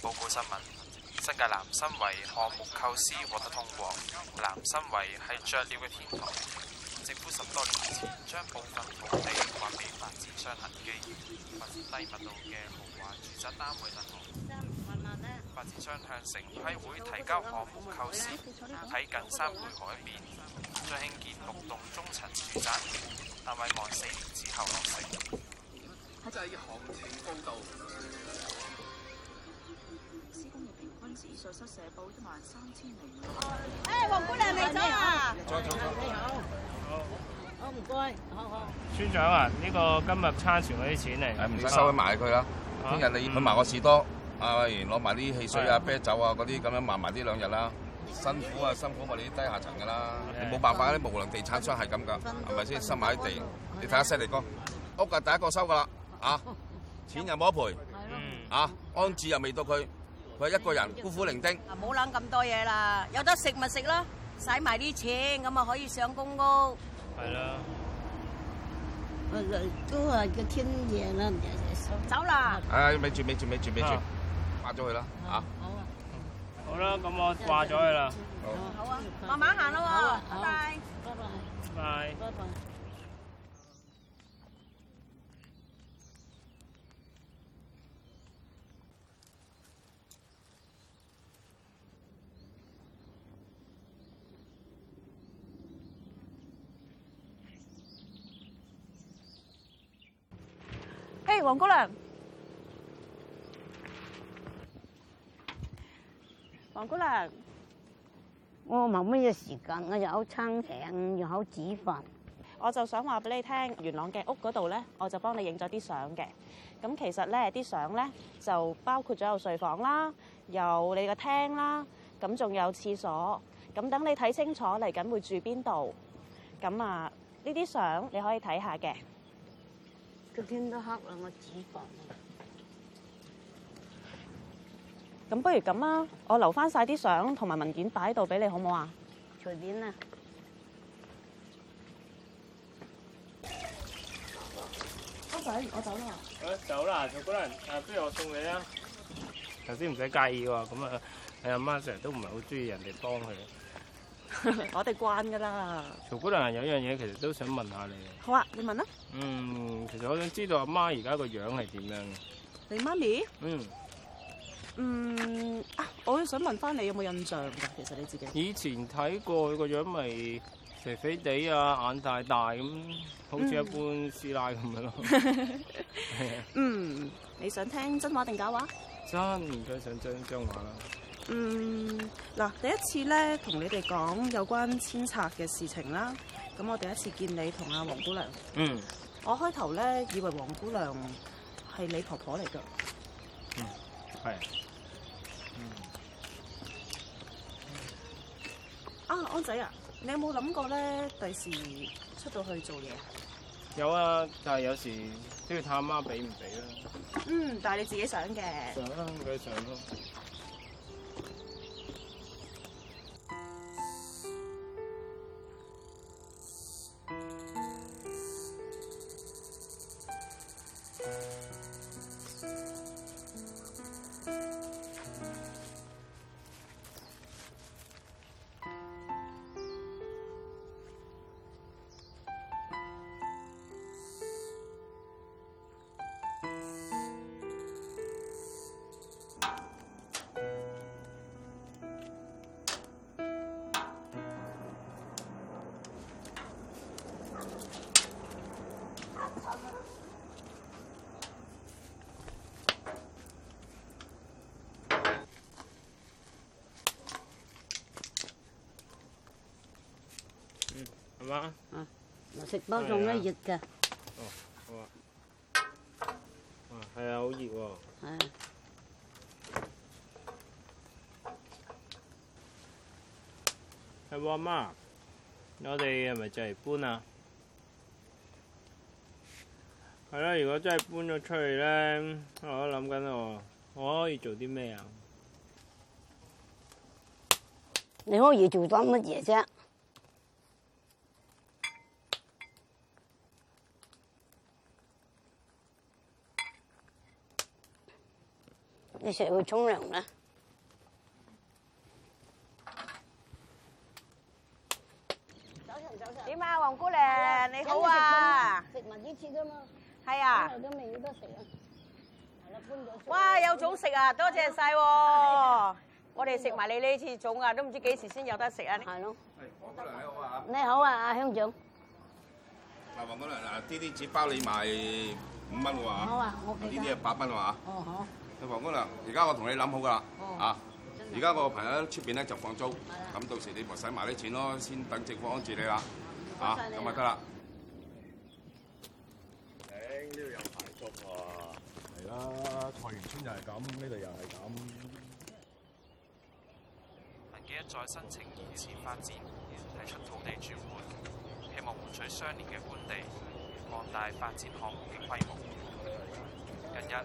報告新聞：新界南新圍項目構思獲得通過。南新圍係雀鳥嘅天堂。政府十多年前將部分土地劃俾發展商恆基，發展低密度嘅豪華住宅單位項目。發展商向城規會提交項目構思，喺近三倍海面，將興建六棟中層住宅，但為望四年之後落成。就係行情報道。就收社保一萬三千元。誒，黃姑娘，你好。日早早。你好。好。好唔該。好好。村長啊，呢個今日差船嗰啲錢嚟。誒，唔使收起埋佢啦。聽日你去埋個士多，阿媽員攞埋啲汽水啊、啤酒啊嗰啲咁樣賣埋呢兩日啦。辛苦啊，辛苦！我哋啲低下層㗎啦，你冇辦法啊！無良地產商係咁㗎，係咪先收埋啲地？你睇下，犀利哥，屋啊第一個收㗎啦，啊，錢又冇得賠，啊，安置又未到佢。佢一個人孤苦伶仃，冇諗咁多嘢啦，有得食咪食囉，使埋啲錢咁啊，可以上公屋。係啦，都係個天爺啦，走啦。哎，咪轉咪轉咪轉咪轉，掛咗佢啦，吓。好啊。好啦，咁我掛咗佢啦。好啊，好啊，慢慢行咯喎，拜拜，拜拜，拜拜，拜拜。黃姑娘，黃姑娘。我冇乜嘢時間，我又好撐艇，又好煮飯。我就想話俾你聽，元朗嘅屋嗰度咧，我就幫你影咗啲相嘅。咁其實咧，啲相咧就包括咗有睡房啦，有你個廳啦，咁仲有廁所。咁等你睇清楚嚟緊會住邊度。咁啊，呢啲相你可以睇下嘅。個天都黑啦，我止步啦。咁不如咁啦，我留翻晒啲相同埋文件擺喺度俾你，好唔好啊？隨便啦。阿仔，我走啦。我走啦，仲有嗰啲人，啊，不如我送你啦。頭先唔使介意喎，咁啊，阿媽成日都唔係好中意人哋幫佢。我哋慣噶啦。曹姑娘，有樣嘢，其實都想問下你。好啊，你問啦。嗯，其實我想知道阿媽而家個樣係點樣嘅。你媽咪？嗯。嗯啊，我想問翻你有冇印象噶？其實你自己。以前睇過佢個樣咪肥肥地啊，眼大大咁，好似一般師奶咁樣咯。嗯，你想聽真話定假話？真，而家想聽真話啦。嗯，嗱，第一次咧同你哋講有關遷拆嘅事情啦。咁我第一次見你同阿王姑娘，嗯，我開頭咧以為王姑娘係你婆婆嚟噶、嗯。嗯，係。嗯。啊，安仔啊，你有冇諗過咧？第時出到去做嘢？有啊，但係有時都要探阿媽俾唔俾啊？比比啊嗯，但係你自己想嘅。想梗、啊、係想咯、啊。係嘛？啊，食包仲係熱㗎。哦，哇，啊係啊，好熱喎。係。係喎，媽，我哋係咪就要搬啊？係咯，如果真係搬咗出去咧，我都諗緊喎，我可以做啲咩啊？你可以做啲乜嘢啫？你成日去沖涼啦？點啊，黃姑娘，你好啊！食埋呢次啊嘛，係啊！哇，有糭食啊！多謝曬喎，我哋食埋你呢次糭啊，都唔知幾時先有得食啊！係咯。係黃姑娘你好啊！你好啊，阿鄉長。阿黃姑娘，嗱，呢啲紙包你賣五蚊喎嚇。好啊，我呢啲係八蚊喎嚇。哦，好。王黃姑娘，而家我同你諗好噶啦，啊、哦，而家我個朋友喺出邊咧就放租，咁吧到時你咪使埋啲錢咯，先等政府安置你吧、啊、啦，啊，咁咪得啦。頂呢度有排作喎，係啦，菜園村又係咁，呢度又係咁。記得再申請延遲發展，提出土地轉換，希望換取相連嘅本地，擴大發展項目嘅規模。近日吧。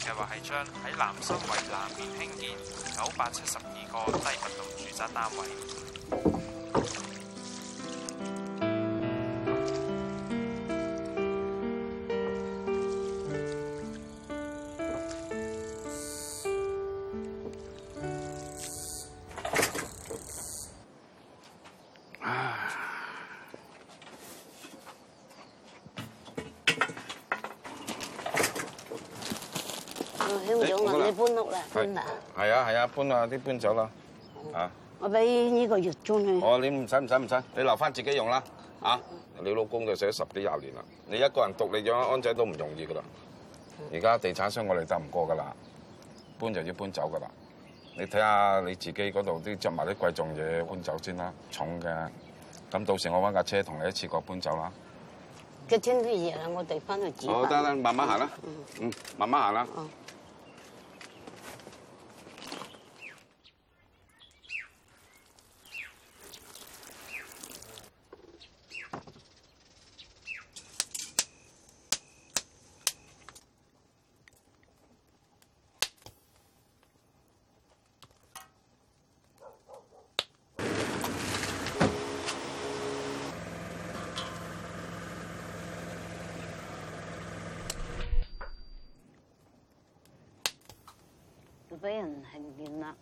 計劃係將喺南生圍南面興建九百七十二個低密度住宅單位。搬啦，啲搬走啦，啊！我俾呢個月租你。哦，你唔使唔使唔使，你留翻自己用啦。啊！你老公就使咗十幾廿年啦。你一個人獨你養安仔都唔容易噶啦。而家地產商我哋搭唔過噶啦，搬就要搬走噶啦。你睇下你自己嗰度啲執埋啲貴重嘢搬走先啦，重嘅。咁到時我揾架車同你一次過搬走啦。嘅天都夜啦，我哋返去住，哦。好，得啦，慢慢行啦，嗯。嗯，慢慢行啦。嗯俾人停電啦！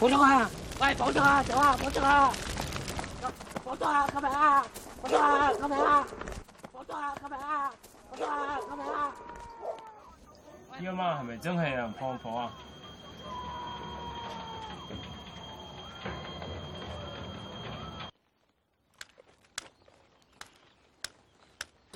保捉啊！喂，保捉啊！走啊！保捉啊！保捉啊！救命啊！保捉啊！救命啊！保捉啊！救命啊！保捉啊！救命啊！呢個嘛係咪真係人放火啊？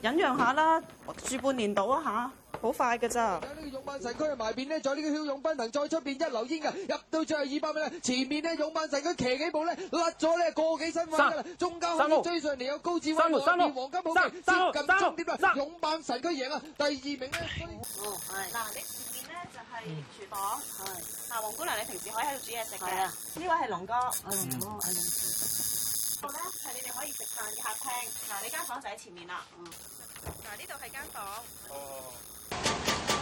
忍讓下啦，住半年到啊吓，好快噶咋？而家呢個勇棒神龜嘅埋邊咧，在呢個驍勇奔騰再出邊一流煙噶，入到最後二百米啦，前面呢勇棒神龜騎幾步呢，甩咗呢過幾身彎噶啦，中間可追上嚟有高志威、王健、黃金寶，接近終點啦，勇棒 menos 神龜贏啦，第二名呢，哦，係， 嗱，你前面呢就係廚房，係是，啊，王姑娘你平時可以喺度煮嘢食啊。呢位係龍哥，龍、oh, 哥，呢度咧係你哋可以食飯嘅客廳，嗱，你間房就喺前面啦，嗯，嗱呢度係間房。哦。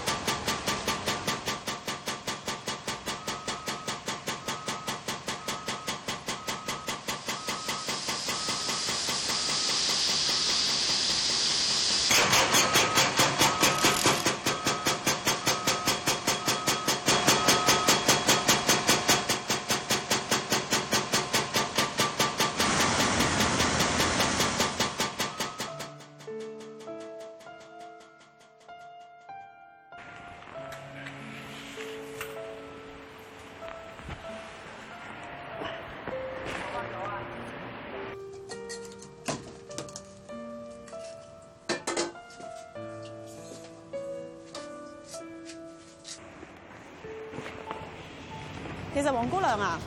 其實黃姑娘啊，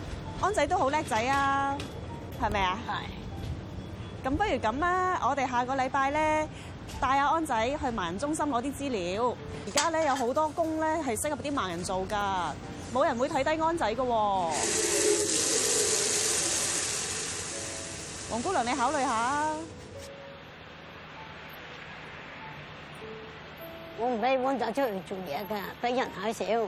安仔都好叻仔啊，係咪啊？係。咁不如咁啦，我哋下個禮拜咧帶阿安仔去盲人中心攞啲資料。而家咧有好多工咧係適合啲盲人做噶，冇人會睇低安仔噶。黃姑娘你考慮下啊。我唔俾安仔出去做嘢㗎，俾人睇少。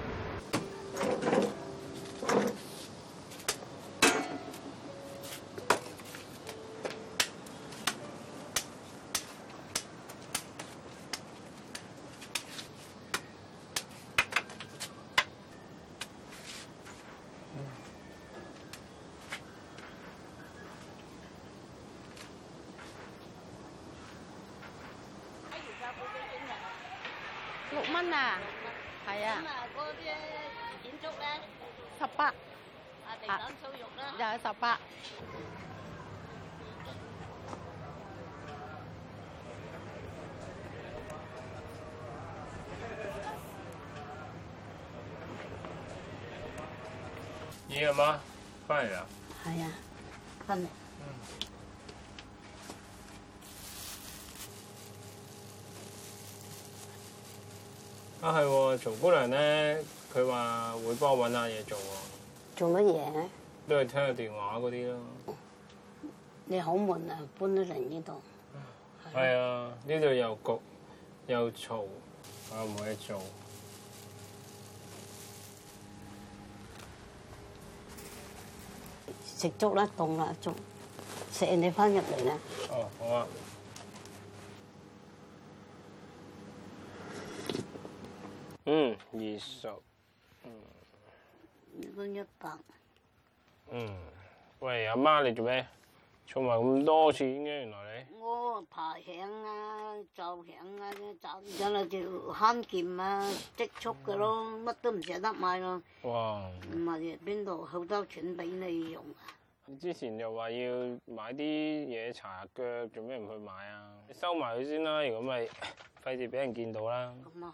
六蚊啊，係啊。咁啊，嗰啲建築咧，十八。啊，地產酥肉啦。又係十八。你阿媽，快呀！係啊，瞓。啊，係、啊、曹姑娘咧，佢話會幫我搵下嘢做喎，啊。做乜嘢？都係聽下電話嗰啲咯。你好悶啊，搬咗嚟呢度。係啊，呢度、啊、又焗又嘈，我唔可以做。食粥啦，凍啦，粥食你翻入嚟啦。哦，好啊。二十，嗯，如果一百，嗯，喂，阿媽你做咩，儲埋咁多錢嘅原來你，我爬響啊，就響啊，賺咗就慳儉啊，積蓄嘅咯，乜都唔捨得買咯，哇，唔係邊度好多錢俾你用啊？你之前又話要買啲嘢搽腳，做咩唔去買啊？你收埋佢先啦，如果咪費事俾人見到啦。咁啊。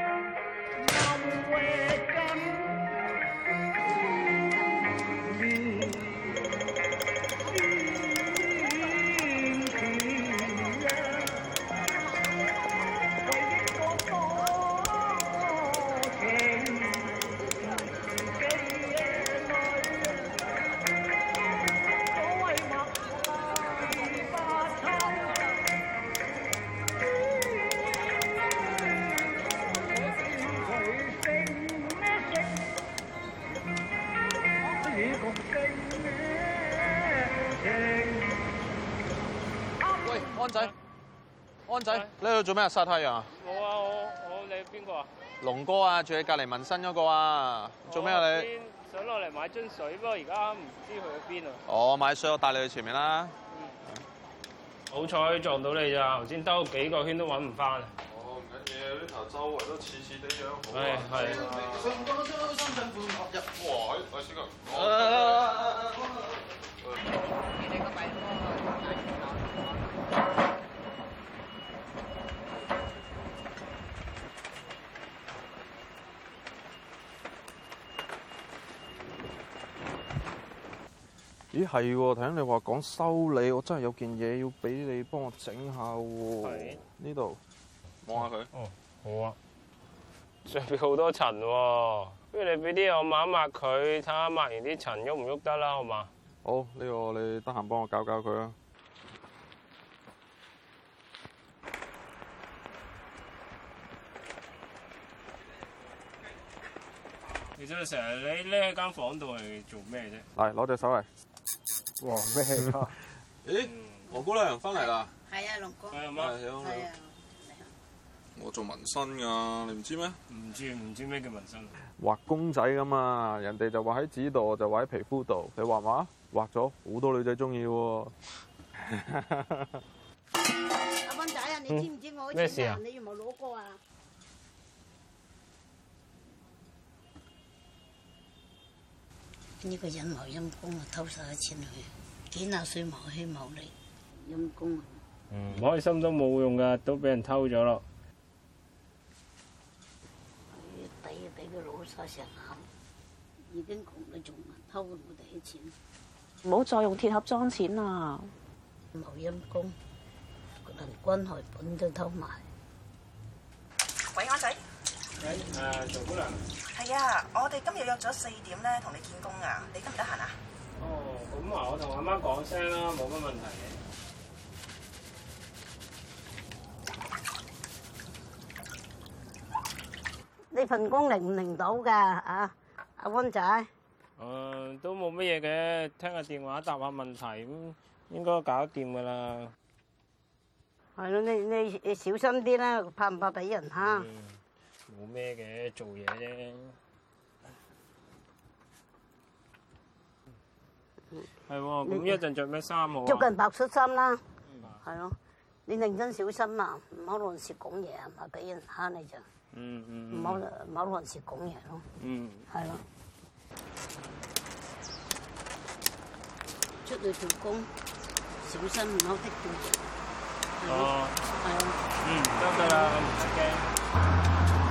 做咩啊？曬太陽啊！冇啊，我我，你邊個啊？龍哥啊，住喺隔離紋身嗰個啊！做咩啊你？想落嚟買樽水，不過而家唔知道去咗邊啊！我、哦、買水，我帶你去前面啦。嗯、是好彩撞到你咋，頭先兜幾個圈都揾唔翻。哦，唔緊要，呢頭周圍都似似地樣。係係。咦係，睇你話講修理，我真係有件嘢要俾你幫我整下喎。係呢度，望下佢。哦，好啊。上邊好多塵，不如你俾啲我抹一抹佢，睇下抹完啲塵喐唔喐得啦，好嘛？好，呢個你得閒幫我搞搞佢啦。你真係成日你匿喺間房度嚟做咩啫？嚟，攞隻手嚟。哇咩、哦、啊！咦、欸，黃姑娘，翻嚟啦！係啊，龍哥。係嘛、啊？啊啊啊、我做紋身噶，你唔知咩？唔知唔知咩叫紋身？畫公仔噶嘛，人哋就畫喺紙度，就畫喺皮膚度。你畫嘛？畫咗好多女仔中意喎。阿斌仔啊，你知唔知我錢啊？你有冇攞過啊？呢個陰謀陰功啊，偷曬啲錢去，幾口水冇氣冇力，陰功啊！唔開心都冇用㗎，都俾人偷咗咯。要俾啊俾佢攞曬成盒，已經窮到盡啦，偷我哋啲錢，唔好再用鐵盒裝錢啦，冇陰功，連棺材本都偷埋。喂，阿仔。誒，曹姑娘，係啊，我哋今日約咗四點咧，同你見工啊，你得唔得閒啊？哦，咁啊，我同阿媽講聲啦，冇乜問題。你份工嚟唔嚟到噶啊？阿温仔。誒，都冇乜嘢嘅，聽下電話，答下問題，咁應該搞掂噶啦。係咯，你你你小心啲啦，怕唔怕俾人吓？冇咩嘅，做嘢啫。係喎，咁一陣著咩衫啊？著件白色衫啦，係咯。你認真小心啊，唔好亂時講嘢啊，唔好俾人嚇你就。嗯嗯嗯。唔好唔好亂時講嘢咯。嗯。係咯。出去做工，小心唔好跌跌。哦。係啊。嗯，得啦，唔使驚。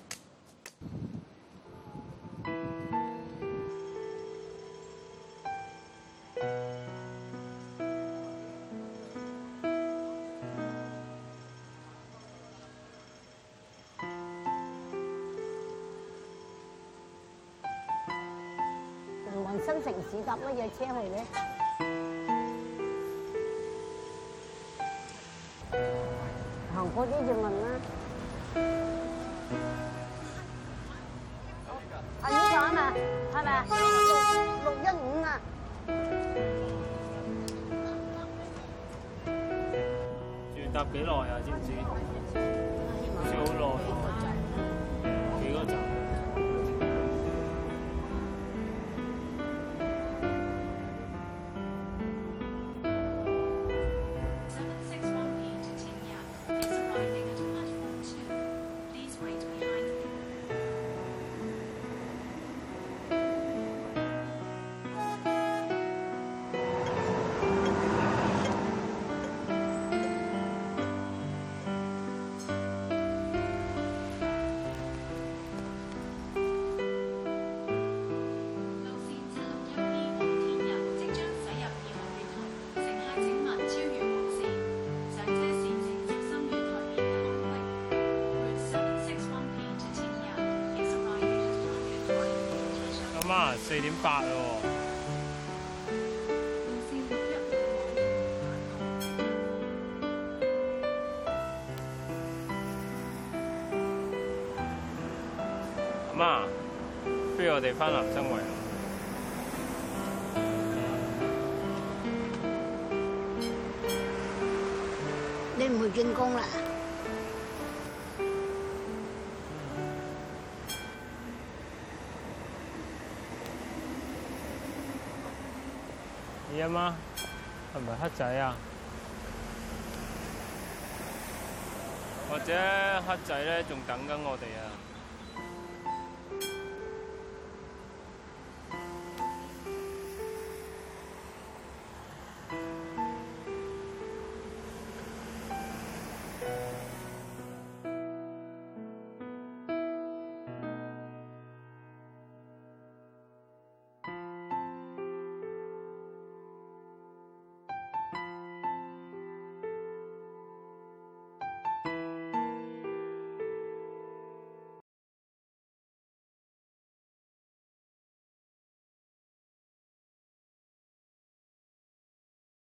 喺城市搭乜嘢車去呢？行嗰啲就問啦。阿小強啊嘛，係咪啊？六一五啊。要搭幾耐啊？知唔知？要好耐。媽，四點八咯。媽，不如我哋返南生圍。你唔去見工啦？係咪黑仔啊？或者黑仔咧，仲等緊我哋啊？